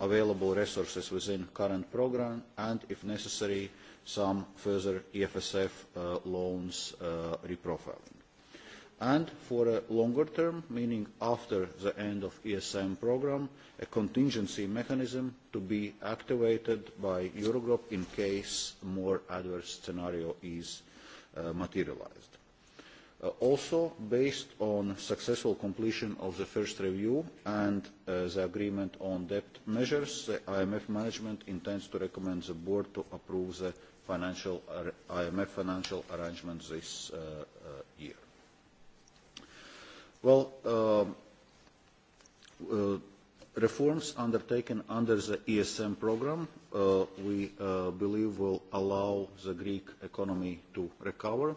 available resources within current program and, if necessary, some further EFSF uh, loans uh, reprofiling. And for a longer term, meaning after the end of ESM program, a contingency mechanism to be activated by Eurogroup in case more adverse scenario is uh, materialized Uh, also based on successful completion of the first review and uh, the agreement on debt measures, the IMF management intends to recommend the board to approve the financial, IMF financial arrangement this uh, uh, year. Well, um, reforms undertaken under the ESM program, we believe will allow the Greek economy to recover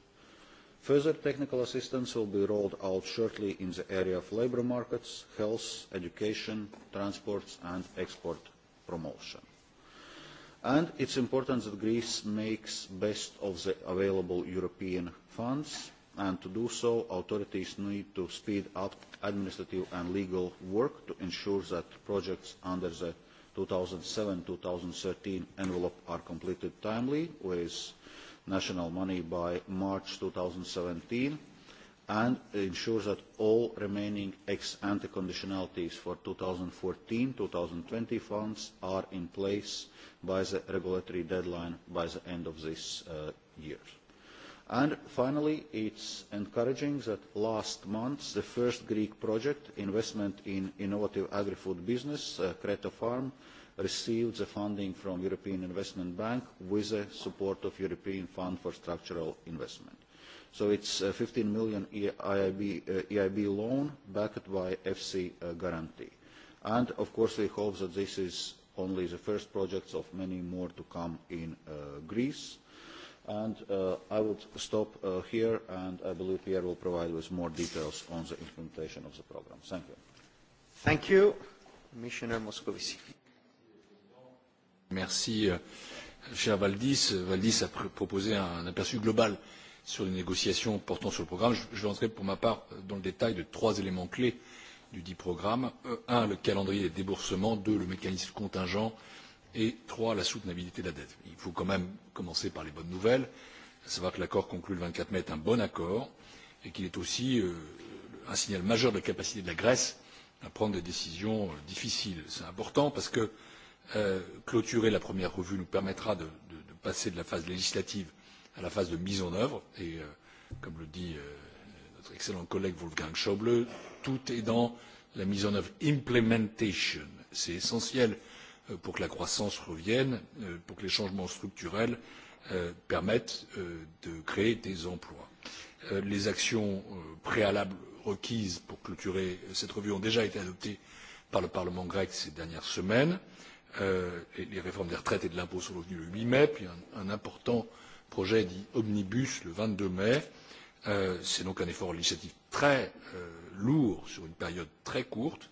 Further technical assistance will be rolled out shortly in the area of labour markets, health, education, transport and export promotion. And it's important that Greece makes best of the available European funds and to do so authorities need to speed up administrative and legal work to ensure that projects under the 2007-2013 envelope are completed timely with national money by March 2017 and ensures that all remaining ex-ante conditionalities for 2014-2020 funds are in place by the regulatory deadline by the end of this uh, year. And finally, it's encouraging that last month, the first Greek project, Investment in Innovative Agri-Food Business, Kreta uh, Creta Farm, received the funding from European Investment Bank with the support of European Fund for Structural Investment. So it's a 15 million EIB, uh, e loan backed by FC uh, guarantee. And of course, we hope that this is only the first projects of many more to come in Greece. And uh, I will stop uh, here, and I believe Pierre will provide with more details on the implementation of the program. Thank you. Thank you, Commissioner Moscovici. Merci, euh, cher Valdis. Valdis a pr proposé un aperçu global sur les négociations portant sur le programme. Je, je vais entrer pour ma part dans le détail de trois éléments clés du dit programme. Euh, un, le calendrier des déboursements. Deux, le mécanisme contingent et trois la soutenabilité de la dette. il faut quand même commencer par les bonnes nouvelles à savoir que l'accord conclu le vingt quatre mai est un bon accord et qu'il est aussi euh, un signal majeur de la capacité de la grèce à prendre des décisions euh, difficiles. c'est important parce que euh, clôturer la première revue nous permettra de, passer de la phase législative à la phase de mise en œuvre et comme le dit notre excellent collègue wolfgang schuble tout est dans la mise en œuvre implementation. c'est essentiel Euh, pour que la croissance revienne euh, pour que les changements structurels euh, permettent de créer des emplois. les actions préalables requises pour clôturer cette revue ont déjà été adoptées par le parlement grec ces dernières semaines les réformes des retraites et de l'impôt sur le revenu le huit mai puis un important projet dit omnibus le vingt deux mai. c'est donc un effort législatif très lourd sur une période très courte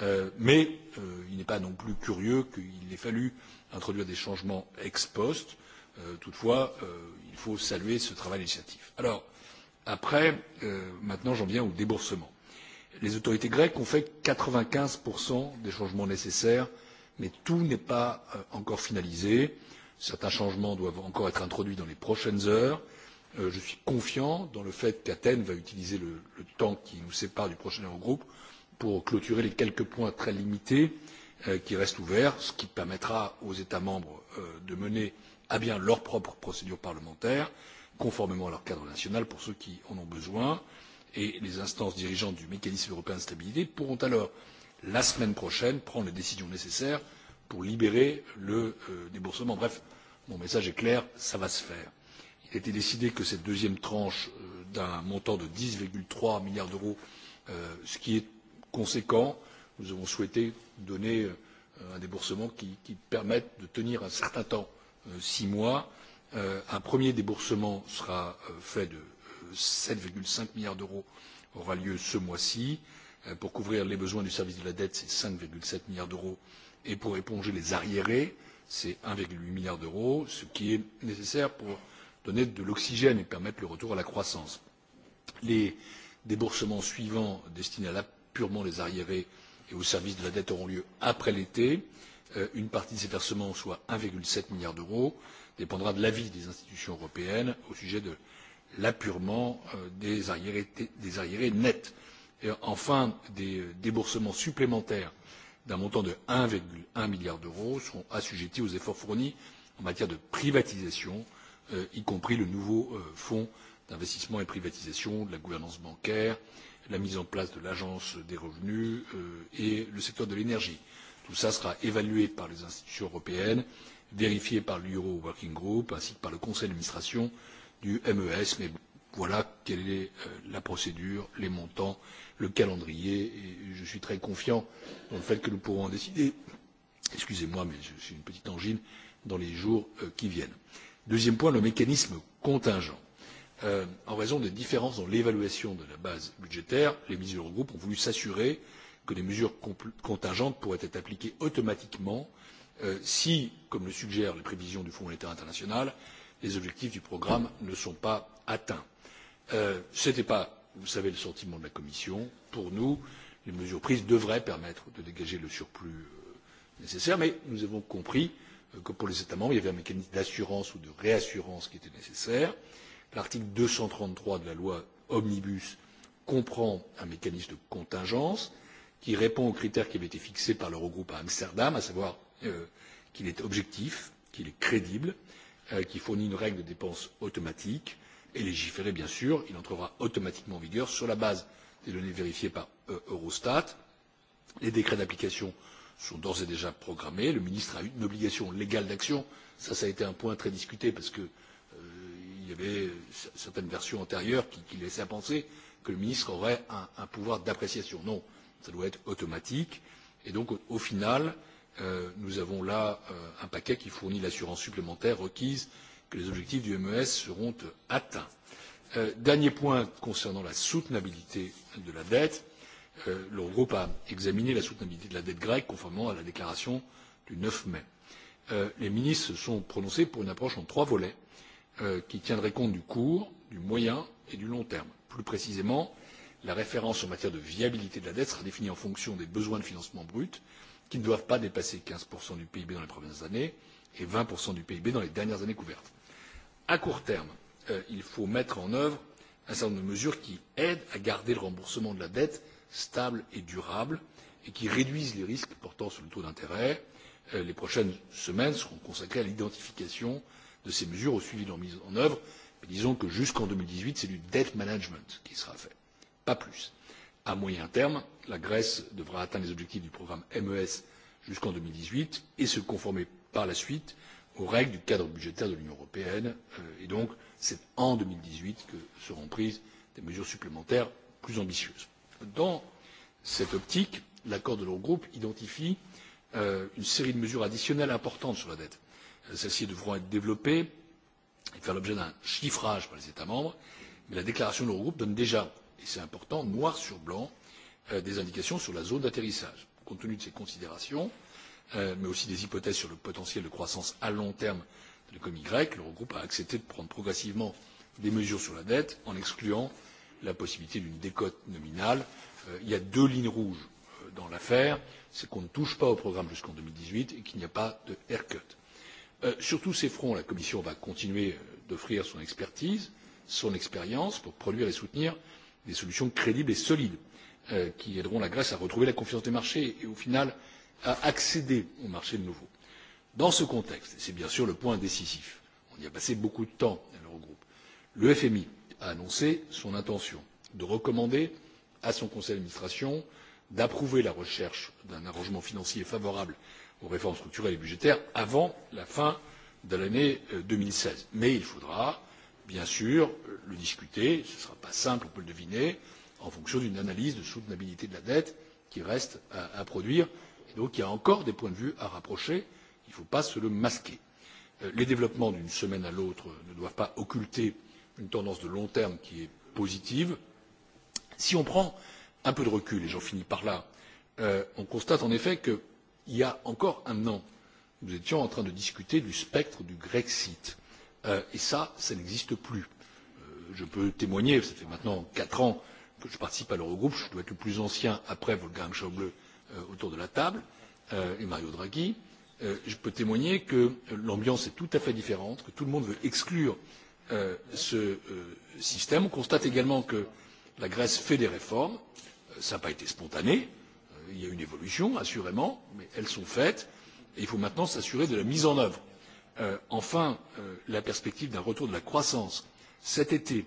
Euh, mais euh, il n'est pas non plus curieux qu'il ait fallu introduire des changements ex post. Euh, toutefois il faut saluer ce travail législatif. après maintenant j'en viens aux déboursements. les autorités grecques ont fait quatre vingt quinze des changements nécessaires mais tout n'est pas encore finalisé. certains changements doivent encore être introduits dans les prochaines heures. je suis confiant dans le fait qu'athènes va utiliser le temps qui nous sépare du prochain eurogroupe pour clôturer les quelques points très limités euh, qui restent ouverts ce qui permettra aux états membres euh, de mener à bien leur propre procédure parlementaire conformément à leur cadre national pour ceux qui en ont besoin et les instances dirigeantes du mécanisme européen de stabilité pourront alors la semaine prochaine prendre les décisions nécessaires pour libérer le euh, déboursement. bref mon message est clair cela va se faire. il a été décidé que cette deuxième tranche d'un montant de dix trois milliards d'euros ce qui est conséquent nous avons souhaité donner euh, un déboursement qui, permette de tenir un certain temps euh, six mois. Euh, un premier déboursement sera fait de sept cinq milliards d'euros aura lieu ce mois ci pour couvrir les besoins du service de la dette c'est cinq sept milliards d'euros et pour éponger les arriérés c'est un huit milliard d'euros ce qui est nécessaire pour donner de l'oxygène et permettre le retour à la croissance. les déboursements suivants destinés à purement les arriérés et au service de la dette auront lieu après l'été euh, une partie de ces versements soit un sept milliard d'euros dépendra de l'avis des institutions européennes au sujet de l'apurement euh, des arriérés nets. enfin des euh, déboursements supplémentaires d'un montant de un un milliard d'euros seront assujettis aux efforts fournis en matière de privatisation y compris le nouveau fonds d'investissement et de privatisation de la gouvernance bancaire la mise en place de l'agence des revenus euh, et le secteur de l'énergie. tout cela sera évalué par les institutions européennes vérifié par l'euro working group ainsi que par le conseil d'administration du mes mais voilà quelle est euh, la procédure les montants le calendrier et je suis très confiant dans le fait que nous pourrons en décider excusez moi mais j'ai une petite angine dans les jours euh, qui viennent. deuxième point le mécanisme contingent Euh, en raison des différences dans l'évaluation de la base budgétaire les mesures du groupe ont voulu s'assurer que des mesures contingentes pourraient être appliquées automatiquement euh, si comme le suggèrent les prévisions du fonds monétaire international les objectifs du programme ne sont pas atteints. Euh, ce n'était pas vous le savez le sentiment de la commission. pour nous les mesures prises devraient permettre de dégager le surplus nécessaire mais nous avons compris que pour les états membres il y avait un mécanisme d'assurance ou de réassurance qui était nécessaire l'article deux cent trente trois de la loi omnibus comprend un mécanisme de contingence qui répond aux critères qui avaient été fixés par l'eurogroupe à amsterdam à savoir euh, qu'il est objectif qu'il est crédible euh, qu'il fournit une règle de dépenses automatique et légiféré bien sûr il entrera automatiquement en vigueur sur la base des données vérifiées par euh, eurostat. les décrets d'application sont d'ores et déjà programmés le ministre a une obligation légale d'action cela a été un point très discuté parce il y avait certaines versions antérieures qui, laissaient à penser que le ministre aurait un, pouvoir d'appréciation. non cela doit être automatique et donc au, final euh, nous avons là euh, un paquet qui fournit l'assurance supplémentaire requise que les objectifs du mes seront atteints. Euh, dernier point concernant la soutenabilité de la dette l'eurogroupe a examiné la soutenabilité de la dette grecque conformément à la déclaration du neuf mai. les ministres se sont prononcés pour une approche en trois volets Euh, qui tiendrait compte du court du moyen et du long terme. plus précisément la référence en matière de viabilité de la dette sera définie en fonction des besoins de financement brut qui ne doivent pas dépasser quinze du pib dans les premières années et vingt du pib dans les dernières années couvertes. à court terme euh, il faut mettre en œuvre un certain nombre de mesures qui aident à garder le remboursement de la dette stable et durable et qui réduisent les risques portant sur le taux d'intérêt. Euh, les prochaines semaines seront consacrées à l'identification de ces mesures au suivi de leur mise en œuvre mais disons que jusqu'en deux mille dix huit c'est du debt management qui sera fait pas plus. à moyen terme la grèce devra atteindre les objectifs du programme mes jusqu'en deux mille dix huit et se conformer par la suite aux règles du cadre budgétaire de l'union européenne euh, et donc c'est en deux mille dix huit que seront prises des mesures supplémentaires plus ambitieuses. dans cette optique l'accord de l'eurogroupe identifie euh, une série de mesures additionnelles importantes sur la celles ci devront être développées et faire l'objet d'un chiffrage par les états membres mais la déclaration de l'eurogroupe donne déjà et c'est important noir sur blanc euh, des indications sur la zone d'atterrissage. compte tenu de ces considérations euh, mais aussi des hypothèses sur le potentiel de croissance à long terme de l'économie grecque l'eurogroupe a accepté de prendre progressivement des mesures sur la dette en excluant la possibilité d'une décote nominale. Euh, il y a deux lignes rouges dans l'affaire c'est qu'on ne touche pas au programme jusqu'en deux mille dix huit et qu'il n'y a pas de haircut. Euh, sur tous ces fronts la commission va continuer euh, d'offrir son expertise son expérience pour produire et soutenir des solutions crédibles et solides euh, qui aideront la grèce à retrouver la confiance des marchés et au final à accéder aux marchés de nouveau. dans ce contexte et c'est bien sûr le point décisif on y a passé beaucoup de temps à l'eurogroupe le fmi a annoncé son intention de recommander à son conseil d'administration d'approuver la recherche d'un arrangement financier favorable aux réformes structurelles et budgétaires avant la fin de l'année euh, deux mille seize mais il faudra bien sûr euh, le discuter ce ne sera pas simple on peut le deviner en fonction d'une analyse de soutenabilité de la dette qui reste à produire et donc il y a encore des points de vue à rapprocher il ne faut pas se le masquer. Euh, les développements d'une semaine à l'autre ne doivent pas occulter une tendance de long terme qui est positive. si on prend un peu de recul et j'en finis par là on constate en effet il y a encore un an nous étions en train de discuter du spectre du grexit euh, et cela ça n'existe plus. Euh, je peux témoigner cela fait maintenant quatre ans que je participe à l'eurogroupe je dois être le plus ancien après wolfgang schuble euh, autour de la table et mario draghi je peux témoigner que l'ambiance est tout à fait différente que tout le monde veut exclure ce système. on constate également que la grèce fait des réformes cela n'a pas été spontané Euh, il y a une évolution assurément mais elles sont faites et il faut maintenant s'assurer de la mise en œuvre. Euh, enfin euh, la perspective d'un retour de la croissance cet été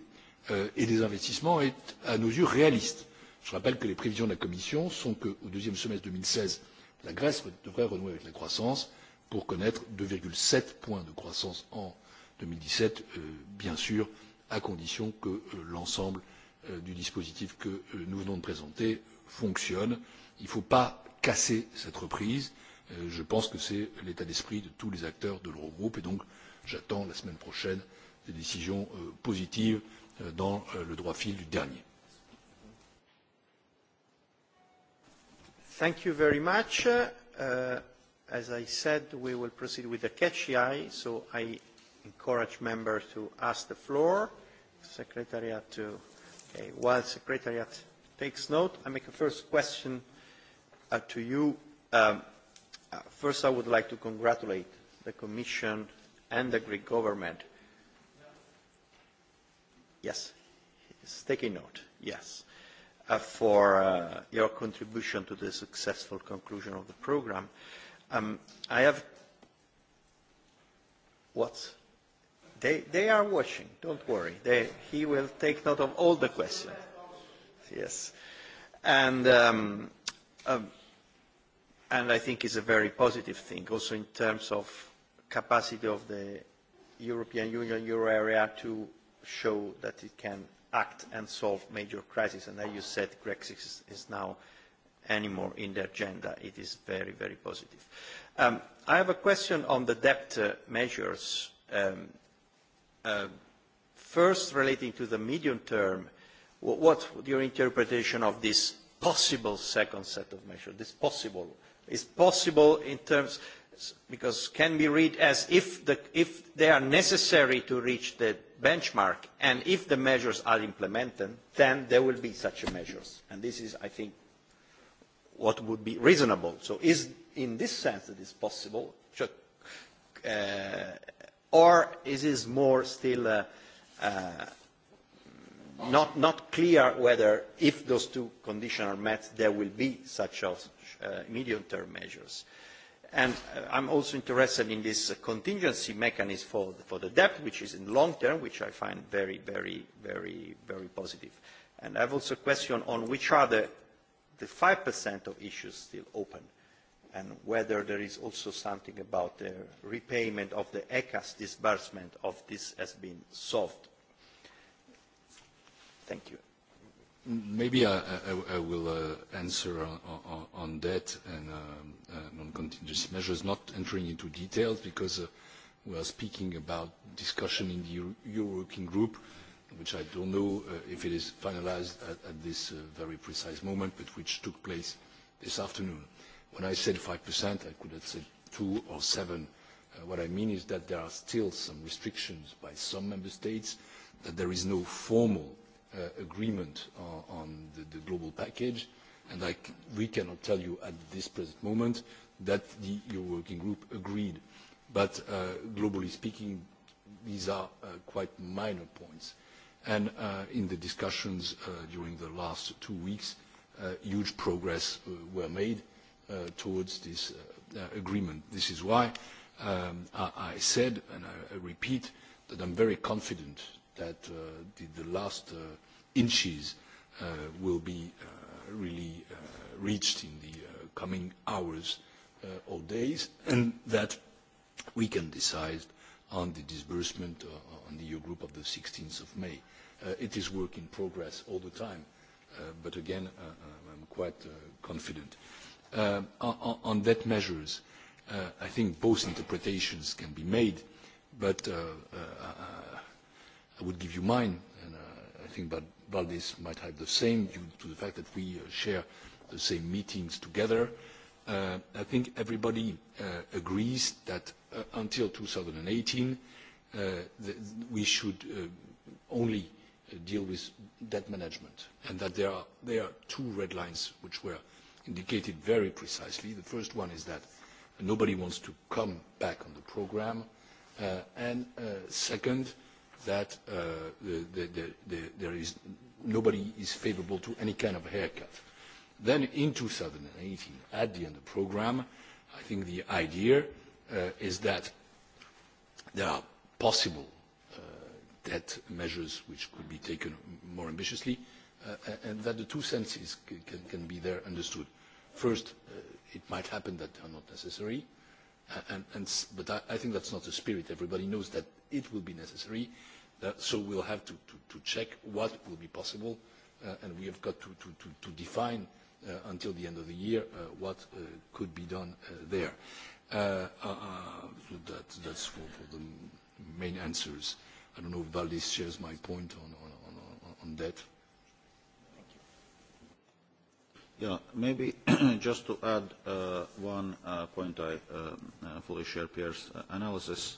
et des investissements est à nos yeux réaliste. je rappelle que les prévisions de la commission sont qu'au deuxième semestre deux mille seize la grèce devrait renouer avec la croissance pour connaître deux sept points de croissance en deux mille dix sept bien sûr à condition que l'ensemble du dispositif que nous venons de présenter fonctionne il ne faut pas casser cette reprise euh, je pense que c'est l'état d'esprit de tous les acteurs de l'eurogroupe et donc j'attends la semaine prochaine des décisions euh, positives euh, dans le droit fil du dernier. Thank you very much. Uh, as I said, we will proceed with the catch eye, so I encourage members to ask the floor. Secretariat to, okay, while Secretariat takes note, I make a first question Uh, to you. Um, uh, first, I would like to congratulate the Commission and the Greek government. Yes, it's taking note, yes, uh, for uh, your contribution to the successful conclusion of the program. Um, I have what? They, they are watching, don't worry. They, he will take note of all the questions. Yes. And um, Um, and I think it's a very positive thing, also in terms of capacity of the European Union euro area to show that it can act and solve major crises. And as you said, Brexit is, is now anymore in the agenda. It is very, very positive. Um, I have a question on the debt uh, measures. Um, uh, first, relating to the medium term, what, what your interpretation of this possible second set of measures. This possible is possible in terms because can be read as if, the, if they are necessary to reach the benchmark and if the measures are implemented, then there will be such measures. And this is, I think, what would be reasonable. So is in this sense that is possible, uh, or is is more still uh, uh, not, not clear whether if those two conditions are met, there will be such uh, medium-term measures. And uh, I'm also interested in this uh, contingency mechanism for, for the debt, which is in long term, which I find very, very, very, very positive. And I have also a question on which are the, the 5% of issues still open and whether there is also something about the repayment of the ECAS disbursement of this has been solved Thank you. Maybe I, will uh, answer on, debt and um, uh, on contingency measures, not entering into details because uh, we are speaking about discussion in the European Group, which I don't know if it is finalized at this very precise moment, but which took place this afternoon. When I said 5%, I could have said 2 or 7. What I mean is that there are still some restrictions by some member states, that there is no formal Uh, agreement on, the, global package, and we cannot tell you at this present moment that the EU working group agreed. But uh, globally speaking, these are uh, quite minor points. And in the discussions during the last two weeks, huge progress were made towards this agreement. This is why um, I, said, and I, I repeat, that I'm very confident that uh, the, last uh, inches uh, will be really reached in the coming hours or days, and that we can decide on the disbursement on the EU group of the 16th of May. It is work in progress all the time, but again, I'm quite confident. On, on debt measures, I think both interpretations can be made, but i would give you mine, and uh, I think that Valdis might have the same due to the fact that we uh, share the same meetings together. Uh, I think everybody uh, agrees that uh, until 2018, uh, the, we should uh, only uh, deal with debt management and that there are, there are two red lines which were indicated very precisely. The first one is that nobody wants to come back on the programme. Uh, and uh, second, that uh, nobody is favourable to any kind of haircut. Then in 2018, at the end of the programme, I think the idea uh, is that there are possible uh, debt measures which could be taken more ambitiously, uh, and that the two senses can, can be there understood. First, uh, it might happen that they are not necessary, and, and, but I, I think that's not the spirit. Everybody knows that it will be necessary, uh, Uh, so we will have to, check what will be possible, uh, and we have got to, define uh, until the end of the year what could be done there. that, is for, the main answers. I don't know if Valdis shares my point on, on, on, on that. Yeah, maybe just to add one point, I um, fully share Pierre's analysis.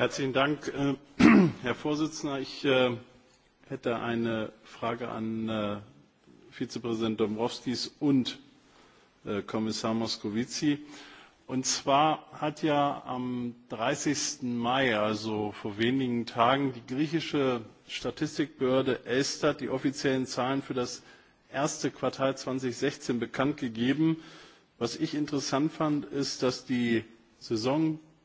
Äh, Herr präsident! Ich äh, hätte eine Frage an äh, Vizepräsident Dombrovskis und Kommissar Moscovici. Und zwar hat ja am dreißig Mai, also vor wenigen Tagen, die griechische Statistikbehörde Elstat die offiziellen Zahlen für das erste Quartal zweitausendsechzehn bekannt gegeben. Was ich interessant fand, ist, dass die Saison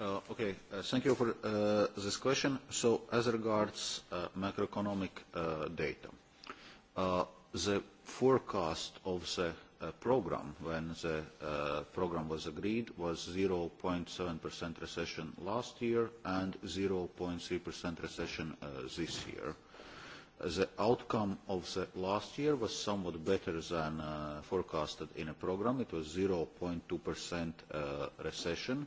Uh, okay, uh, thank you for uh, this question. So as regards uh, macroeconomic uh, data, uh, the forecast of the uh, program when the uh, program was agreed was 0.7% recession last year and 0.3% recession uh, this year. The outcome of the last year was somewhat better than uh, forecasted in a program. It was 0.2% uh, recession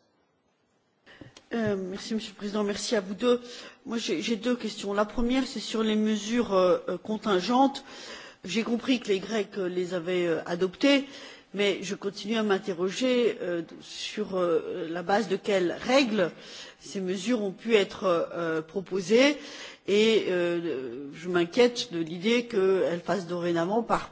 Euh, monsieur le président merci à vous deux. j'ai deux questions. la première c'est sur les mesures euh, euh, contingentes. j'ai compris que les grecs les avaient adoptées mais je continue à m'interroger sur la base de quelles règles ces mesures ont pu être proposées et je m'inquiète de l'idée qu'elles fassent dorénavant par,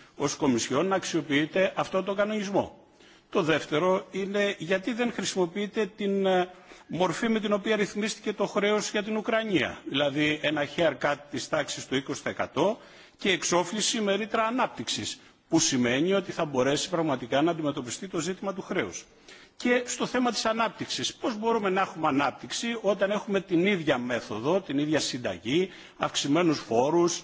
ως Κομισιόν να αξιοποιείτε αυτό το κανονισμό. Το δεύτερο είναι γιατί δεν χρησιμοποιείτε την μορφή με την οποία ρυθμίστηκε το χρέος για την Ουκρανία, δηλαδή ένα haircut της τάξης του 20% και εξόφληση με ρήτρα ανάπτυξης, που σημαίνει ότι θα μπορέσει πραγματικά να αντιμετωπιστεί το ζήτημα του χρέους. Και στο θέμα της ανάπτυξης, πώς μπορούμε να έχουμε ανάπτυξη όταν έχουμε την ίδια μέθοδο, την ίδια συνταγή, αυξημένους φόρους,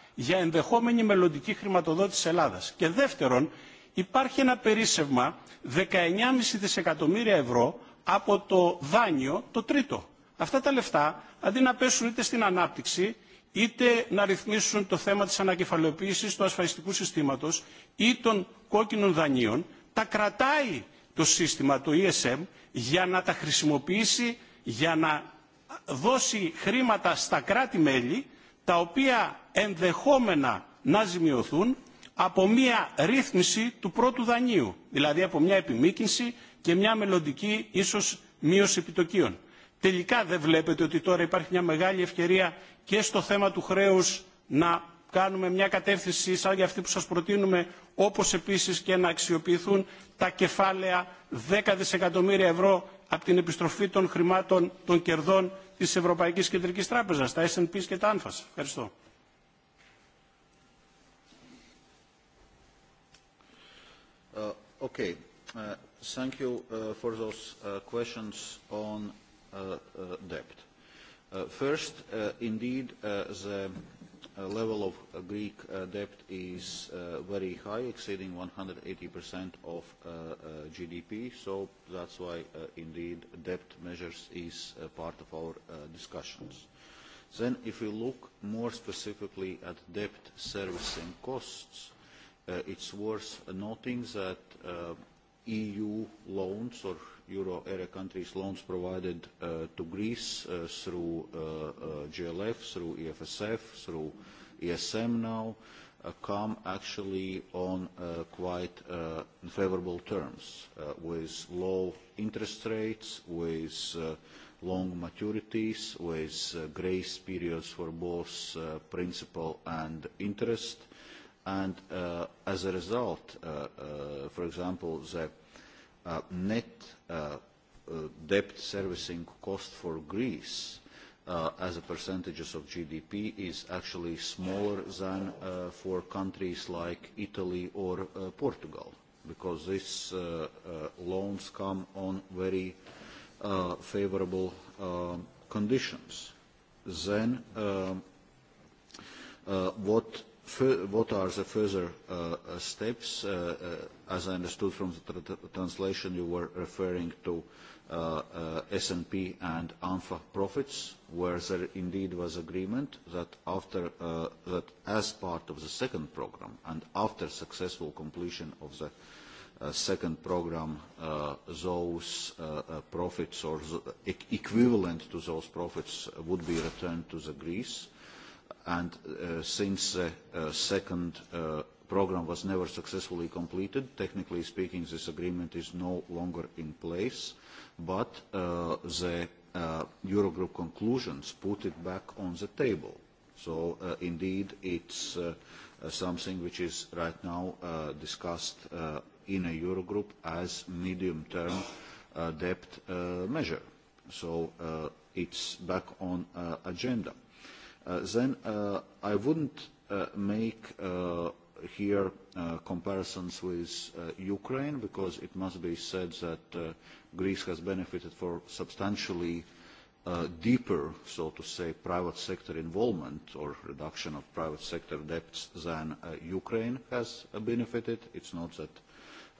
για ενδεχόμενη μελλοντική χρηματοδότηση Ελλάδας. Και δεύτερον, υπάρχει ένα περίσσευμα 19,5 δισεκατομμύρια ευρώ από το δάνειο το τρίτο. Αυτά τα λεφτά, αντί να πέσουν είτε στην ανάπτυξη, είτε να ρυθμίσουν το θέμα της ανακεφαλαιοποίησης του ασφαλιστικού συστήματος ή των κόκκινων δανείων, τα κρατάει το σύστημα, το ESM, για να τα χρησιμοποιήσει, για να δώσει χρήματα στα κράτη-μέλη τα οποία ενδεχόμενα να ζημιωθούν από μια ρύθμιση του πρώτου δανείου, δηλαδή από μια επιμήκυνση και μια μελλοντική ίσως μείωση επιτοκίων. Τελικά δεν βλέπετε ότι τώρα υπάρχει μια μεγάλη ευκαιρία και στο θέμα του χρέους να κάνουμε μια κατεύθυνση σαν για αυτή που σας προτείνουμε, όπως επίσης και να αξιοποιηθούν τα κεφάλαια 10 δισεκατομμύρια ευρώ από την επιστροφή των χρημάτων των κερδών της Ευρωπαϊκής Κεντρικής Τράπεζας, τα S&P και τα ΑΝΦΑΣ. Ευχαριστώ. Uh, okay. Uh, thank you uh, for those uh, questions on uh, uh, debt. Uh, first, uh, indeed, uh, the Uh, level of uh, Greek uh, debt is very high, exceeding 180% of GDP. So that's why, indeed, debt measures is part of our discussions. Then if we look more specifically at debt servicing costs, uh, it's worth noting that uh, EU loans or euro area countries loans provided uh, to Greece uh, through uh, uh, GLF, through EFSF, through ESM now uh, come actually on uh, quite uh, favorable terms uh, with low interest rates, with uh, long maturities, with uh, grace periods for both uh, principal and interest. And uh, as a result, uh, uh, for example, the uh, net uh, uh, debt servicing cost for Greece uh, as a percentage of GDP is actually smaller than uh, for countries like Italy or uh, Portugal because these uh, uh, loans come on very uh, favorable uh, conditions. Then uh, uh, what what are the further uh, uh steps? Uh, uh, as I understood from the tra translation, you were referring to uh, S&P and ANFA profits, where there indeed was agreement that, after, that as part of the second program and after successful completion of the second program, those profits or the equivalent to those profits would be returned to the Greece and uh, since the uh, second uh, programme was never successfully completed, technically speaking, this agreement is no longer in place, but uh, the uh, Eurogroup conclusions put it back on the table. So uh, indeed, it's uh, something which is right now discussed in a Eurogroup as medium-term debt measure. So it's back on agenda. Uh, then uh, I wouldn't uh, make here uh, comparisons with uh, Ukraine because it must be said that uh, Greece has benefited for substantially deeper, so to say, private sector involvement or reduction of private sector debts than Ukraine has benefited. It's not that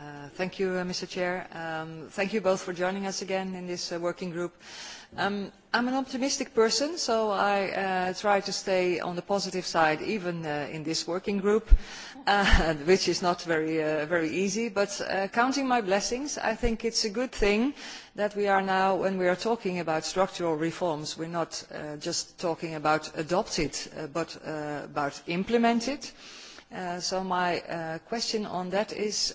Uh, thank you, uh, Mr. Chair. Um, thank you both for joining us again in this uh, working group. Um, I'm an optimistic person, so I uh, try to stay on the positive side, even uh, in this working group, uh, which is not very, uh, very easy. But uh, counting my blessings, I think it's a good thing that we are now, when we are talking about structural reforms, we're not uh, just talking about adopted, uh, but uh, about implemented. Uh, so my uh, question on that is,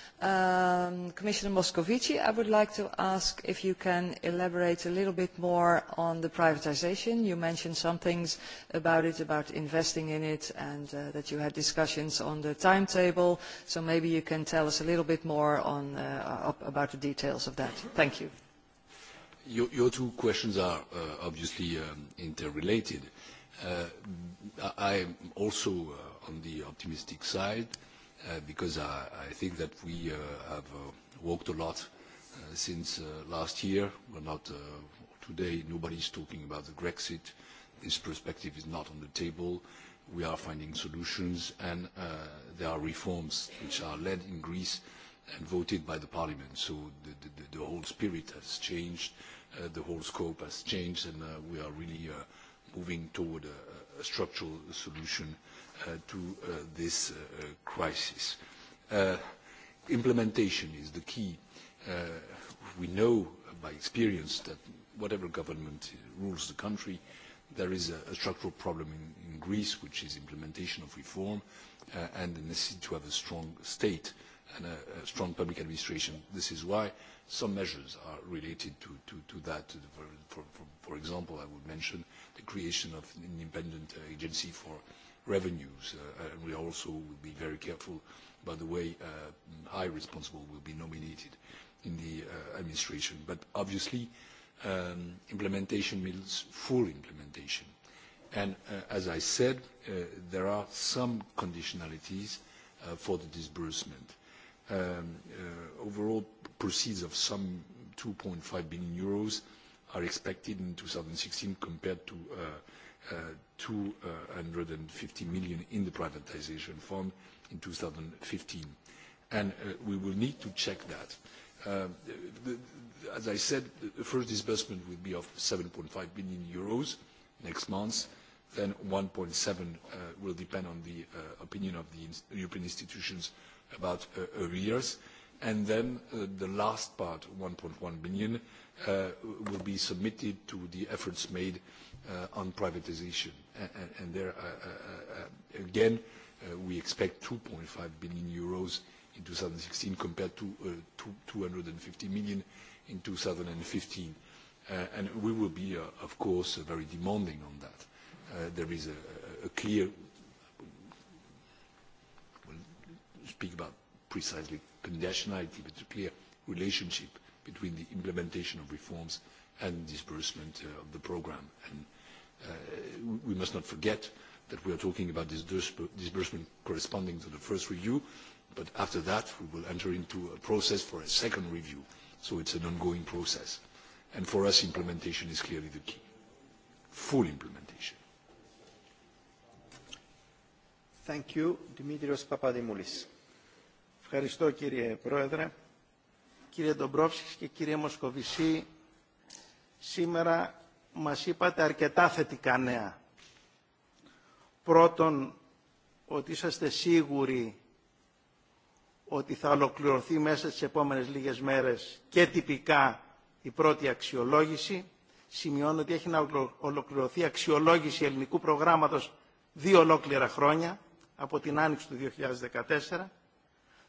Um, Commissioner Moscovici, I would like to ask if you can elaborate a little bit more on the privatization. You mentioned some things about it, about investing in it, and uh, that you had discussions on the timetable. So maybe you can tell us a little bit more on, uh, about the details of that. Thank you. Your, your two questions are uh, obviously um, interrelated. Uh, I am also uh, on the optimistic side. Uh, because I, I think that we uh, have uh, worked a lot since last year. We're not today, nobody's talking about the Grexit. This perspective is not on the table. We are finding solutions, and there are reforms which are led in Greece and voted by the parliament. So the, the, the whole spirit has changed, uh, the whole scope has changed, and uh, we are really uh, moving toward a, a structural solution Uh, to uh, this uh, crisis. Implementation is the key. We know by experience that whatever government rules the country, there is a, a structural problem in, in Greece, which is implementation of reform uh, and the necessity to have a strong state and a, a strong public administration. This is why some measures are related to, to, to that. For, for, for example, I would mention the creation of an independent uh, agency for revenues. Uh, and we also will be very careful about the way uh, high responsible will be nominated in the uh, administration. But obviously, um, implementation means full implementation. And uh, as I said, uh, there are some conditionalities for the disbursement. Um, overall, proceeds of some 2.5 billion euros are expected in 2016 compared to 250 uh, uh, million in the privatization fund in 2015. And uh, we will need to check that. as I said, the first disbursement will be of 7.5 billion euros next month, then 1.7 billion will depend on the opinion of the European institutions about arrears and then uh, the last part, 1.1 billion, uh, will be submitted to the efforts made uh, on privatization. And, there, again, we expect 2.5 billion euros in 2016 compared to 250 million in 2015. And we will be, of course, very demanding on that. There is a, a clear... We'll speak about precisely conditionality, but a clear relationship between the implementation of reforms and disbursement uh, of the programme. And uh, we must not forget that we are talking about this disbursement corresponding to the first review, but after that we will enter into a process for a second review. So it's an ongoing process. And for us, implementation is clearly the key. Full implementation. Thank you. Dimitrios Papadimoulis. Ευχαριστώ κύριε Πρόεδρε. Κύριε Ντομπρόφσης και κύριε Μοσκοβισή, σήμερα μας είπατε αρκετά θετικά νέα. Πρώτον, ότι είσαστε σίγουροι ότι θα ολοκληρωθεί μέσα στις επόμενες λίγες μέρες και τυπικά η πρώτη αξιολόγηση. Σημειώνω ότι έχει να ολοκληρωθεί αξιολόγηση ελληνικού προγράμματος δύο ολόκληρα χρόνια από την άνοιξη του 2014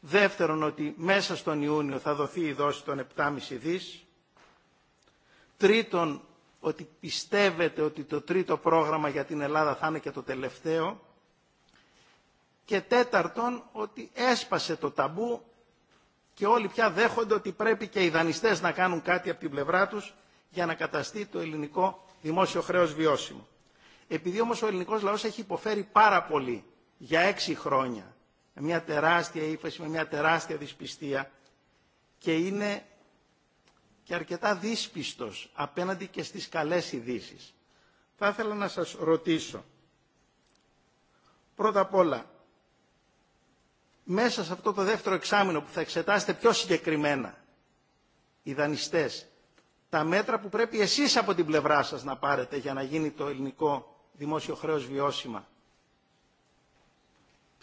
Δεύτερον, ότι μέσα στον Ιούνιο θα δοθεί η δόση των 7,5 δις. Τρίτον, ότι πιστεύετε ότι το τρίτο πρόγραμμα για την Ελλάδα θα είναι και το τελευταίο. Και τέταρτον, ότι έσπασε το ταμπού και όλοι πια δέχονται ότι πρέπει και οι δανειστές να κάνουν κάτι από την πλευρά τους για να καταστεί το ελληνικό δημόσιο χρέος βιώσιμο. Επειδή όμως ο ελληνικός λαός έχει υποφέρει πάρα πολύ για έξι χρόνια με μια τεράστια ύφεση, με μια τεράστια δυσπιστία και είναι και αρκετά δύσπιστος απέναντι και στις καλές ειδήσει. Θα ήθελα να σας ρωτήσω, πρώτα απ' όλα, μέσα σε αυτό το δεύτερο εξάμεινο που θα εξετάσετε πιο συγκεκριμένα, οι δανειστές, τα μέτρα που πρέπει εσείς από την πλευρά σας να πάρετε για να γίνει το ελληνικό δημόσιο χρέος βιώσιμα,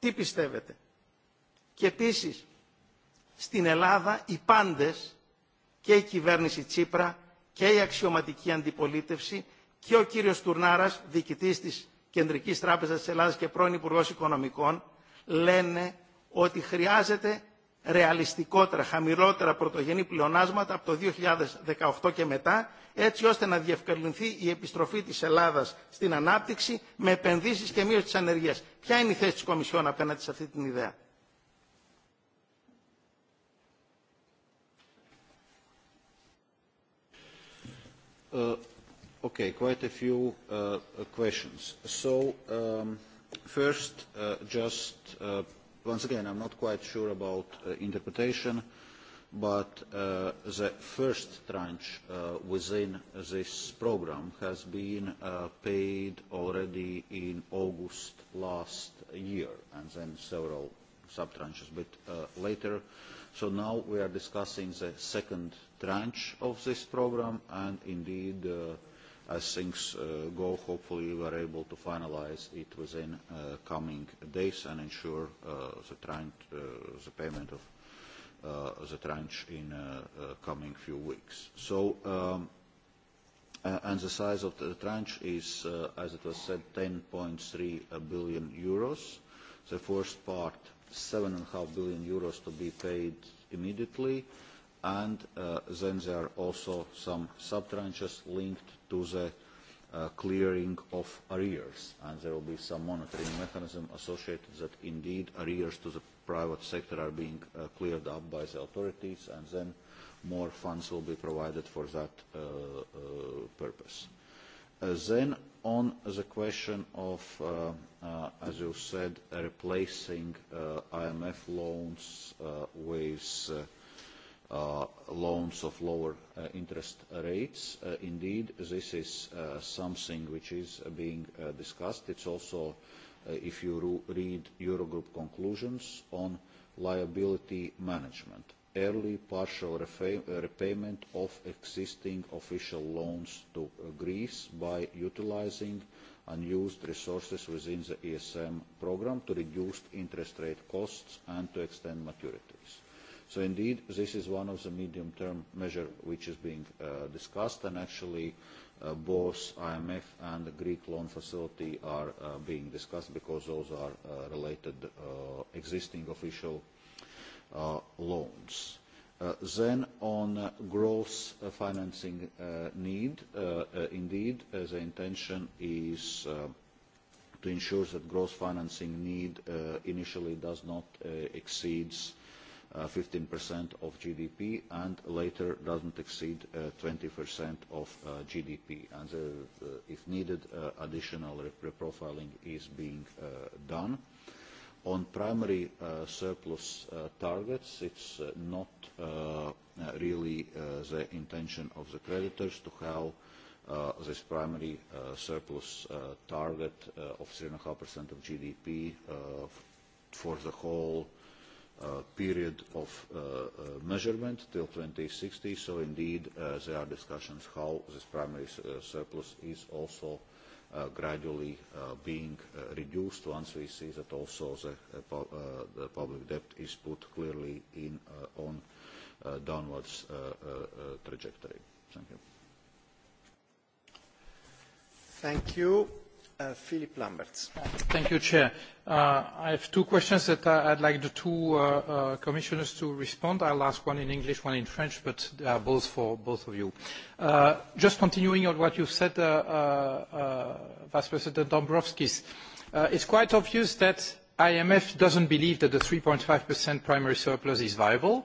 Τι πιστεύετε. Και επίσης, στην Ελλάδα οι πάντες, και η κυβέρνηση Τσίπρα και η αξιωματική αντιπολίτευση και ο κύριος Τουρνάρας, διοικητής της Κεντρικής Τράπεζας της Ελλάδας και πρώην Υπουργός Οικονομικών, λένε ότι χρειάζεται ρεαλιστικότερα, χαμηλότερα πρωτογενή πλεονάσματα από το 2018 και μετά, έτσι ώστε να διευκολυνθεί η επιστροφή της Ελλάδας στην ανάπτυξη με επενδύσεις και μείωση της ανεργίας. Ποια είναι η θέση της Κομισιόν απέναντι σε αυτή την ιδέα. Uh, okay, quite a few uh, questions. So, um, first, uh, just uh, once again, I'm not quite sure about uh, interpretation, but uh, the first tranche uh, within this program has been uh, paid already in August last year, and then several sub-tranches a bit uh, later. So now we are discussing the second tranche of this program, and indeed uh, as things uh, go, hopefully we are able to finalize it within uh, coming days and ensure uh, the, trend, uh, the payment of uh, the tranche in uh, uh, coming few weeks. So, um, uh, and the size of the tranche is, uh, as it was said, 10.3 billion euros. The first part, 7.5 billion euros to be paid immediately, and uh, then there are also some sub-tranches linked to the uh, clearing of arrears, and there will be some monitoring mechanism associated that indeed arrears to the private sector are being uh, cleared up by the authorities, and then more funds will be provided for that uh, uh, purpose. Uh, then on the question of, uh, uh, as you said, replacing uh, IMF loans uh, with uh, Uh, loans of lower uh, interest rates. Uh, indeed, this is something which is being discussed. It's also, if you read Eurogroup conclusions on liability management, early partial repayment of existing official loans to Greece by utilizing unused resources within the ESM program to reduce interest rate costs and to extend maturities So indeed, this is one of the medium-term measures which is being uh, discussed, and actually uh, both IMF and the Greek loan facility are uh, being discussed because those are uh, related uh, existing official uh, loans. Uh, then on uh, growth uh, financing uh, need, uh, uh, indeed, the intention is to ensure that gross financing need initially does not exceeds 15% uh, of GDP and later doesn't exceed 20% uh, of uh, GDP. And if needed, additional reprofiling is being done. On primary surplus targets, it's not really the intention of the creditors to have this primary surplus target of 3.5% of GDP for the whole Uh, period of uh, uh, measurement till 2060. So indeed, there are discussions how this primary surplus is also gradually being reduced once we see that also the, the public debt is put clearly in on downwards trajectory. Thank you. Thank you. Uh, Philip Lamberts. Thank you, Chair. Uh, I have two questions that I, I'd like the two uh, uh, commissioners to respond. I'll ask one in English, one in French, but they are both for both of you. Uh, just continuing on what you've said, uh, uh, uh, Vice President Dombrovskis, uh, it's quite obvious that IMF doesn't believe that the 3.5% primary surplus is viable.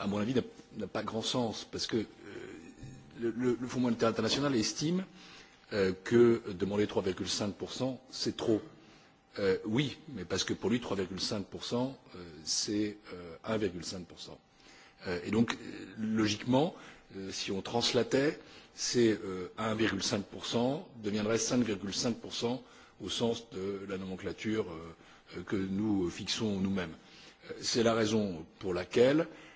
à mon avis, n'a pas grand sens, parce que euh, le, Fonds monétaire international estime euh, que demander trois cinq c'est trop. Euh, oui, mais parce que pour lui, trois cinq c'est un cinq et donc, logiquement, si on translatait, c'est euh, 1,5% deviendrait cinq au sens de la nomenclature que nous fixons nous-mêmes. C'est la raison pour laquelle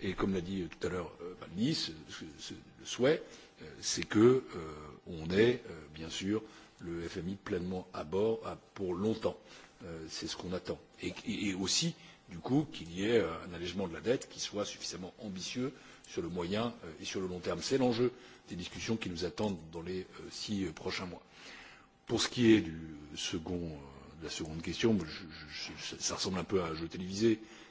et comme l'a dit tout à l'heure balnis euh, euh, le souhait euh, c'est que l'on ait bien sûr le fmi pleinement à bord pour longtemps c'est ce qu'on attend et, aussi du coup qu'il y ait un allégement de la dette qui soit suffisamment ambitieux sur le moyen et sur le long terme. c'est l'enjeu des discussions qui nous attendent dans les six prochains mois. pour ce qui est du second, de la seconde question ça ressemble un peu à un jeu télévisé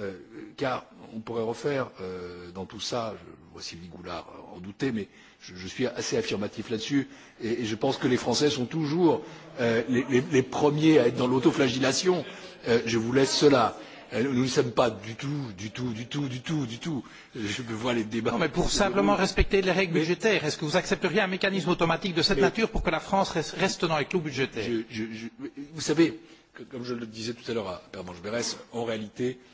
Euh, car on pourrait refaire euh, dans tout cela je vois sylvie goulard en douter mais je, suis assez affirmatif là dessus et, je pense que les français sont toujours euh, les, premiers à être dans l'autoflagellation je vous laisse cela nous ne sommes pas du tout du tout du tout du tout du tout je vois les débats non, mais pour simplement respecter les règles mais, budgétaires est ce que vous accepteriez un mécanisme automatique de cette mais, nature pour que la france reste dans les clous budgétaires je, je, je, vous savez que, comme je le disais tout à l'heure à Pervenche Berès, en réalité euh,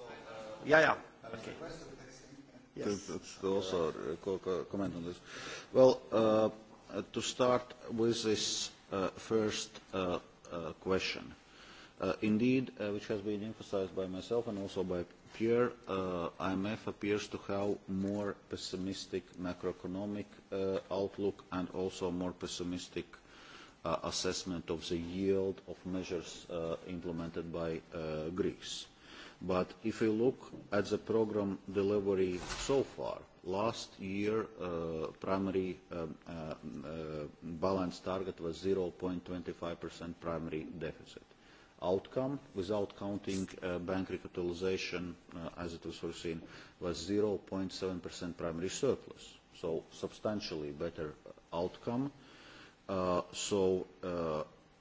Yeah, yeah. Okay. Yes. To, to also comment on this. Well, uh, to start with this uh, first uh, uh, question. Uh, indeed, uh, which has been emphasized by myself and also by Pierre, uh, IMF appears to have more pessimistic macroeconomic uh, outlook and also more pessimistic uh, assessment of the yield of measures uh, implemented by uh, Greece. But if you look at the program delivery so far, last year uh, primary um, uh, uh, balance target was 0.25% primary deficit. Outcome, without counting uh, bank recapitalization uh, as it was foreseen, was 0.7% primary surplus. So substantially better outcome. Uh, so uh,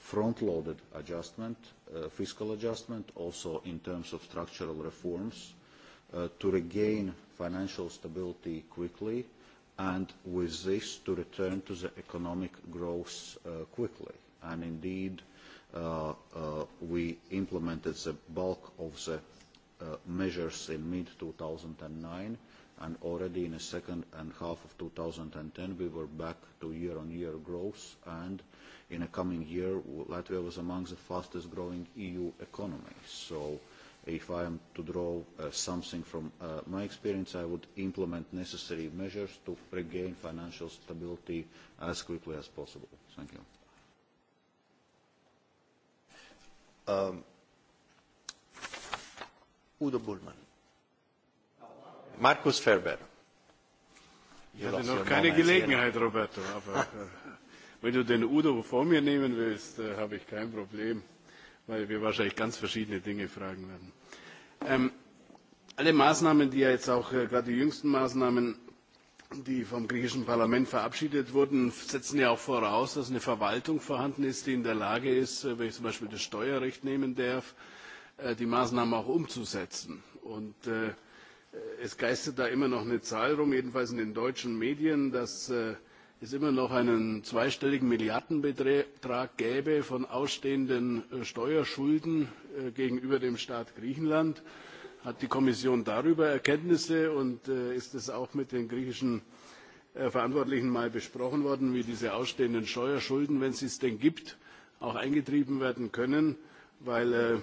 front-loaded adjustment, uh, fiscal adjustment, also in terms of structural reforms, uh, to regain financial stability quickly, and with this, to return to the economic growth uh, quickly. And indeed, we implemented the bulk of the measures in mid-2009, and already in the second and half of 2010, we were back to year on -year growth, and in the coming year, Latvia was among the fastest growing EU economies. So if I am to draw uh, something from uh, my experience, I would implement necessary measures to regain financial stability as quickly as possible. Thank you. Um, Udo Bullman. Markus Ferber. Ich noch keine Gelegenheit, Roberto, aber... Wenn du den Udo vor mir nehmen willst, äh, habe ich kein Problem, weil wir wahrscheinlich ganz verschiedene Dinge fragen werden. Ähm, alle Maßnahmen, die ja jetzt auch äh, gerade die jüngsten Maßnahmen, die vom griechischen Parlament verabschiedet wurden, setzen ja auch voraus, dass eine Verwaltung vorhanden ist, die in der Lage ist, äh, wenn ich zum Beispiel das Steuerrecht nehmen darf, äh, die Maßnahmen auch umzusetzen. Und äh, es geistert da immer noch eine Zahl rum, jedenfalls in den deutschen Medien, dass äh, es immer noch einen zweistelligen Milliardenbetrag gäbe von ausstehenden äh, Steuerschulden äh, gegenüber dem Staat Griechenland. Hat die Kommission darüber Erkenntnisse und äh, ist es auch mit den griechischen Verantwortlichen mal besprochen worden, wie diese ausstehenden Steuerschulden, wenn es sie denn gibt, auch eingetrieben werden können? Weil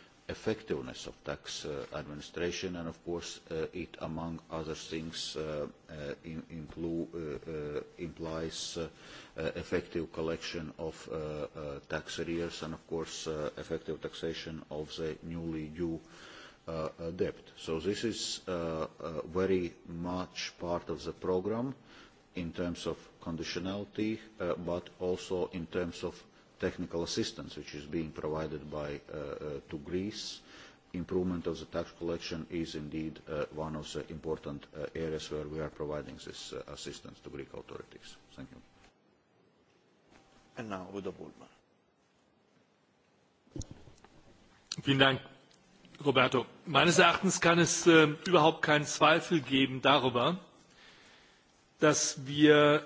effectiveness of tax uh, administration and of course uh, it among other things uh, uh, uh, uh implies effective collection of tax arrears and of course effective taxation of the newly due debt. So this is very much part of the programme in terms of conditionality but also in terms of technical assistance which is being provided by, uh, uh, to Greece. Improvement of the tax collection is indeed uh, one of the important areas where we are providing this assistance to Greek authorities. Thank you. And now Udo Bullman. Vielen Dank, Roberto. Meines Erachtens kann es äh, überhaupt keinen Zweifel geben darüber, dass wir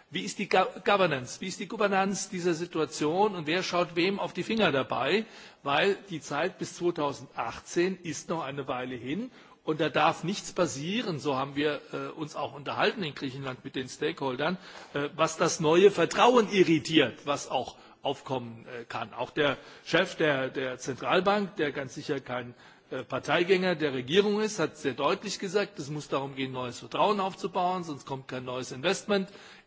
Wie ist die Governance? Wie ist die Gouvernance dieser Situation und wer schaut wem auf die Finger dabei? Weil die Zeit bis 2018 ist noch eine Weile hin und da darf nichts passieren, so haben wir äh, uns auch unterhalten in Griechenland mit den Stakeholdern, äh, was das neue Vertrauen irritiert, was auch aufkommen äh, kann. Auch der Chef der, der Zentralbank, der ganz sicher kein äh, Parteigänger der Regierung ist, hat sehr deutlich gesagt, es muss darum gehen, neues Vertrauen aufzubauen, sonst kommt kein neues Investment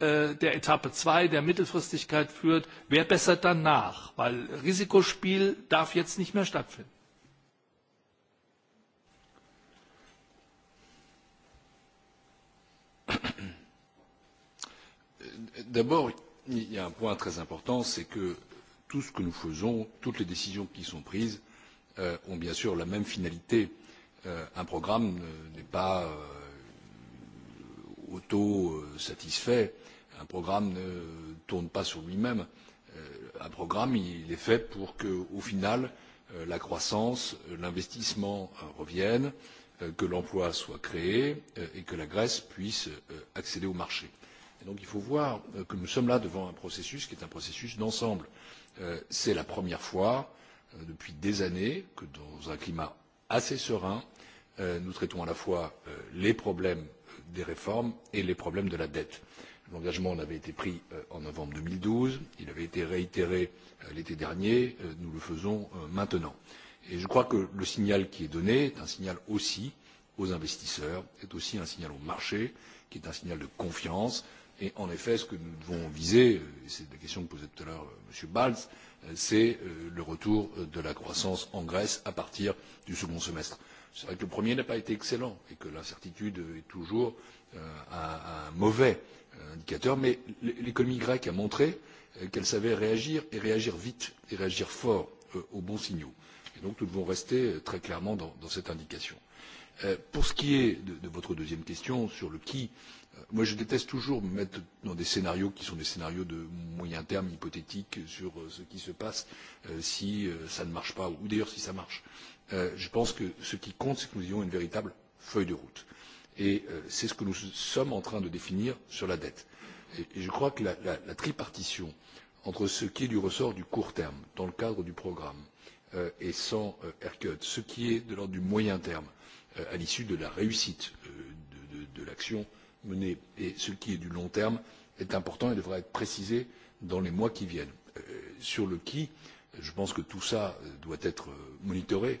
Äh, der Etappe 2 der Mittelfristigkeit führt, wer bessert dann nach? Weil Risikospiel darf jetzt nicht mehr stattfinden. D'abord, il y a un point très important, c'est que tout ce que nous faisons, toutes les décisions qui sont prises euh, ont bien sûr la même finalité. Euh, un programme euh, n'est pas euh, auto satisfait un programme ne tourne pas sur lui même euh, un programme est fait pour que au final euh, la croissance euh, l'investissement reviennent que l'emploi soit créé et que la grèce puisse accéder au marché. Donc, il faut voir que nous sommes là devant un processus qui est un processus d'ensemble. c'est la première fois depuis des années que dans un climat assez serein nous traitons à la fois les problèmes des réformes et les problèmes de la dette. l'engagement en avait été pris euh, en novembre deux mille douze il avait été réitéré euh, l'été dernier euh, nous le faisons maintenant et je crois que le signal qui est donné est un signal aussi aux investisseurs est aussi un signal aux marchés qui est un signal de confiance et en effet ce que nous devons viser c'est la question que posait tout à l'heure m. balz c'est le retour de la croissance en grèce à partir du second semestre c'est vrai que le premier n'a pas été excellent et que l'incertitude est toujours euh, un, mauvais euh, indicateur mais l'économie grecque a montré euh, qu'elle savait réagir et réagir vite et réagir fort aux bons signaux et donc nous devons rester très clairement dans, cette indication. pour ce qui est de, votre deuxième question sur le qui moi je déteste toujours me mettre dans des scénarios qui sont des scénarios de moyen terme hypothétiques sur ce qui se passe si ça ne marche pas ou d'ailleurs si ça marche. Euh, je pense que ce qui compte c'est que nous ayons une véritable feuille de route et euh, c'est ce que nous sommes en train de définir sur la dette. Et je crois que la, tripartition entre ce qui est du ressort du court terme dans le cadre du programme euh, et sans euh, haircut ce qui est de l'ordre du moyen terme à l'issue de la réussite de l'action menée et ce qui est du long terme est important et devra être précisé dans les mois qui viennent. sur le qui je pense que tout cela doit être monitoré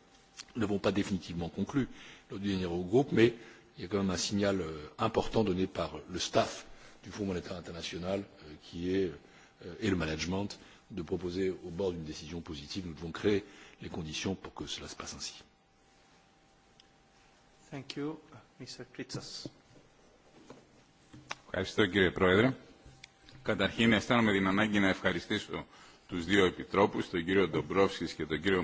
ne vont pas définitivement conclu lors du dernier eurogroupe mais il y a quand même un signal euh, important donné par le staff du fonds monétaire international euh, euh, et le management de proposer au bord d'une décision positive. nous devons créer les conditions pour que cela se passe ainsi. κύριε Πρόεδρε. Καταρχήν αισθάνομαι την ανάγκη να ευχαριστήσω τους δύο επιτρόπους, τον κύριο Ντομπρόφσκης και τον κύριο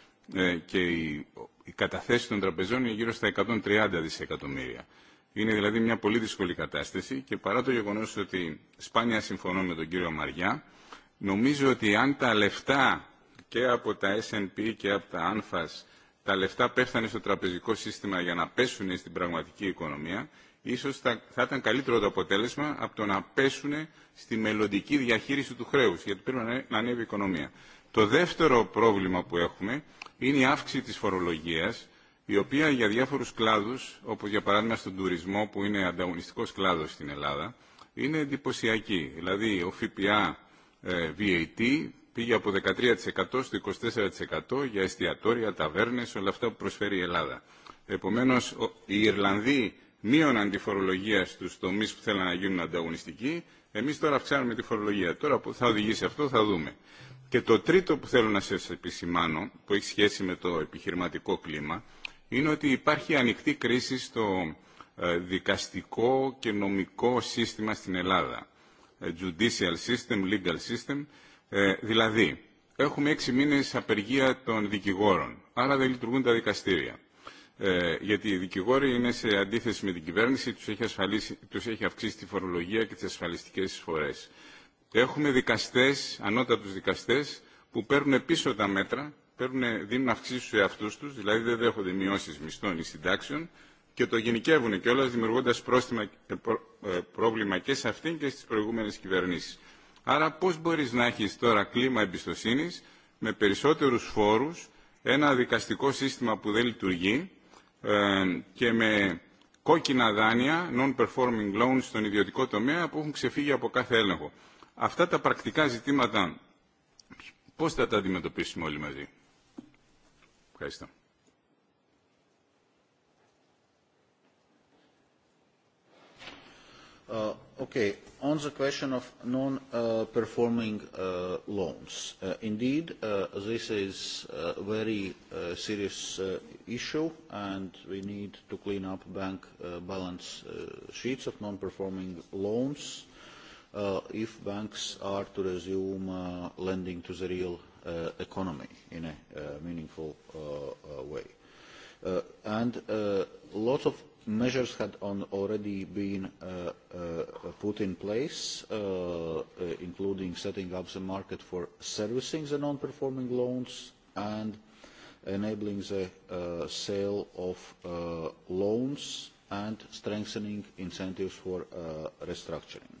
και οι, οι καταθέσει των τραπεζών είναι γύρω στα 130 δισεκατομμύρια. Είναι δηλαδή μια πολύ δύσκολη κατάσταση και παρά το γεγονός ότι σπάνια συμφωνώ με τον κύριο Μαριά, νομίζω ότι αν τα λεφτά και από τα S&P και από τα ANFAS τα λεφτά πέφτανε στο τραπεζικό σύστημα για να πέσουν στην πραγματική οικονομία, ίσως θα, θα ήταν καλύτερο το αποτέλεσμα από το να πέσουν στη μελλοντική διαχείριση του χρέους, γιατί πρέπει να ανέβει η οικονομία. Το δεύτερο πρόβλημα που έχουμε είναι η αύξηση της φορολογίας, η οποία για διάφορους κλάδους, όπως για παράδειγμα στον τουρισμό που είναι ανταγωνιστικός κλάδος στην Ελλάδα, είναι εντυπωσιακή. Δηλαδή ο ΦΠΑ ε, VAT πήγε από 13% στο 24% για εστιατόρια, ταβέρνες, όλα αυτά που προσφέρει η Ελλάδα. Επομένως, οι Ιρλανδοί μείωναν τη φορολογία στους τομείς που θέλαν να γίνουν ανταγωνιστικοί, εμείς τώρα αυξάνουμε τη φορολογία. Τώρα που θα οδηγήσει αυτό θα δούμε. Και το τρίτο που θέλω να σας επισημάνω, που έχει σχέση με το επιχειρηματικό κλίμα, είναι ότι υπάρχει ανοιχτή κρίση στο δικαστικό και νομικό σύστημα στην Ελλάδα. Judicial system, legal system. Δηλαδή, έχουμε έξι μήνες απεργία των δικηγόρων, άρα δεν λειτουργούν τα δικαστήρια. Ε, γιατί οι δικηγόροι είναι σε αντίθεση με την κυβέρνηση, τους έχει, ασφαλίσει, τους έχει αυξήσει τη φορολογία και τις ασφαλιστικές εισφορές. Έχουμε δικαστές, ανώτατους δικαστές, που παίρνουν πίσω τα μέτρα, παίρνουν, δίνουν αυξήσει σε εαυτούς τους, δηλαδή δεν δέχονται μειώσεις μισθών ή συντάξεων, και το γενικεύουν κιόλας δημιουργώντας πρόστιμα, προ, πρόβλημα και σε αυτήν και στις προηγούμενες κυβερνήσεις. Άρα πώς μπορείς να έχεις τώρα κλίμα εμπιστοσύνης με περισσότερους φόρους, ένα δικαστικό σύστημα που δεν λειτουργεί ε, και με κόκκινα δάνεια, non-performing loans στον ιδιωτικό τομέα που έχουν ξεφύγει από κάθε έλεγχο αυτά τα πρακτικά ζητήματα πώς θα τα αντιμετωπίσουμε όλοι μαζί. Ευχαριστώ. Uh, okay. On the question of non-performing uh, uh, loans, uh, indeed, uh, this is a very uh, serious uh, issue, and we need to clean up bank uh, balance uh, sheets of non-performing loans uh, if banks are to resume uh, lending to the real uh, economy in a uh, meaningful uh, uh, way. Uh, and uh, lots of measures had on already been uh, uh, put in place, uh, uh including setting up the market for servicing the non-performing loans and enabling the uh, sale of uh, loans and strengthening incentives for restructuring.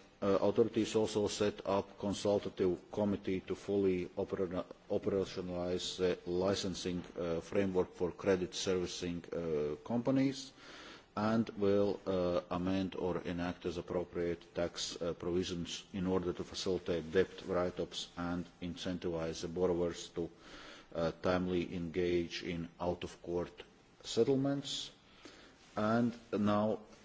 Uh, authorities also set up a consultative committee to fully opera operationalize the licensing uh, framework for credit servicing uh, companies and will uh, amend or enact as appropriate tax uh, provisions in order to facilitate debt write-ups and incentivize the borrowers to uh, timely engage in out-of-court settlements. And now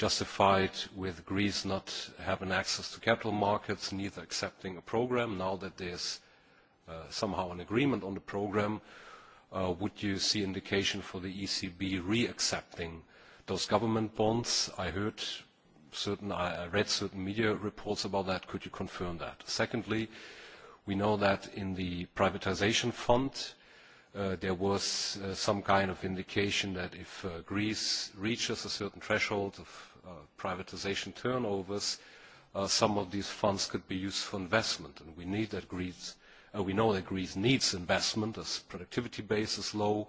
justified with Greece not having access to capital markets, neither accepting a program. Now that there's uh, somehow an agreement on the program, uh, would you see indication for the ECB re-accepting those government bonds? I heard certain, I read certain media reports about that. Could you confirm that? Secondly, we know that in the privatization fund, Uh, there was uh, some kind of indication that if uh, Greece reaches a certain threshold of Uh, privatization turnovers, uh, some of these funds could be used for investment, and we need that Greece. Uh, we know that Greece needs investment as productivity base is low,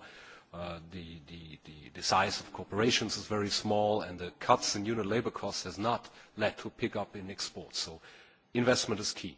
uh, the, the, the, the size of corporations is very small, and the cuts in unit labor costs has not led to a pickup in exports. So investment is key.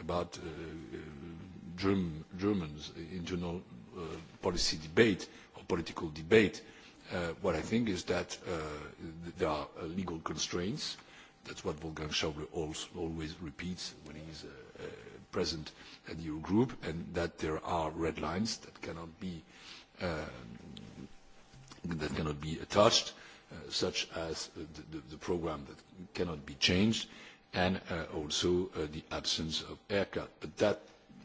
about uh, uh Germans internal no, uh, policy debate or political debate, uh, what I think is that there are legal constraints. That's what Wolfgang Schäuble always repeats when he is present at the Eurogroup, and that there are red lines that cannot be, um, that cannot be touched, such as the, programme program that cannot be changed, and uh, also uh, the absence of haircut. But that,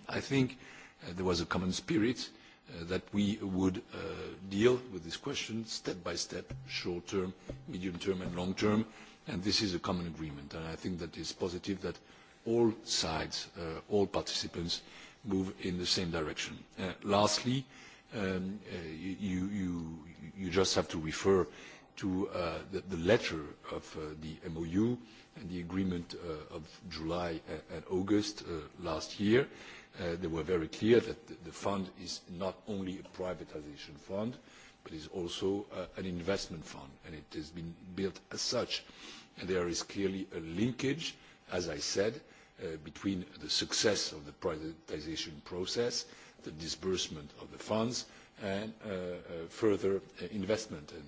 I think, uh, there was a common spirit uh, that we would deal with this question step by step, short term, medium term, and long term, and this is a common agreement. And I think that it's positive that all sides, all participants move in the same direction. Lastly, um, you, you, you just have to refer to the, the letter of the MOU, and the agreement uh, of July and August uh, last year, uh, they were very clear that the fund is not only a privatization fund, but is also an investment fund, and it has been built as such. there is clearly a linkage, as I said, between the success of the privatization process, the disbursement of the funds, and further investment. And,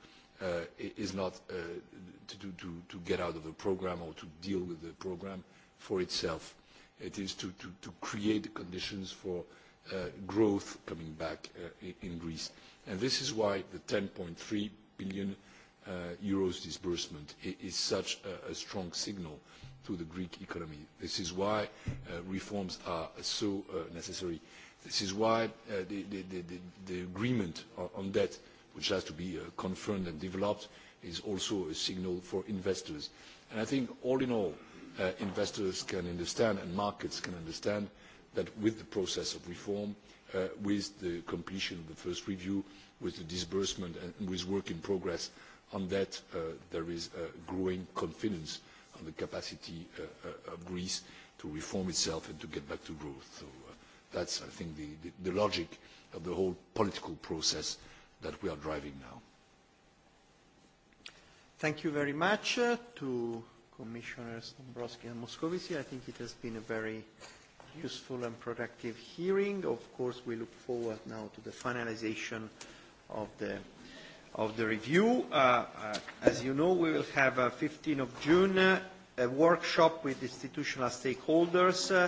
Uh, is not uh, to, get out of the programme or to deal with the programme for itself. It is to, to create conditions for uh, growth coming back uh, in Greece. And this is why the 10.3 billion euros disbursement is such a, a strong signal to the Greek economy. This is why reforms are so necessary. This is why the, the, the, the agreement on debt which has to be uh, confirmed and developed, is also a signal for investors. And I think all in all, uh, investors can understand and markets can understand that with the process of reform, uh, with the completion of the first review, with the disbursement and with work in progress on that, there is growing confidence on the capacity of Greece to reform itself and to get back to growth. So that's, I think, the, the, the logic of the whole political process that we are driving now. Thank you very much uh, to Commissioners Dombrovskis and Moscovici. I think it has been a very useful and productive hearing. Of course, we look forward now to the finalization of the of the review. Uh, uh, as you know, we will have uh, 15 of June uh, a workshop with institutional stakeholders uh,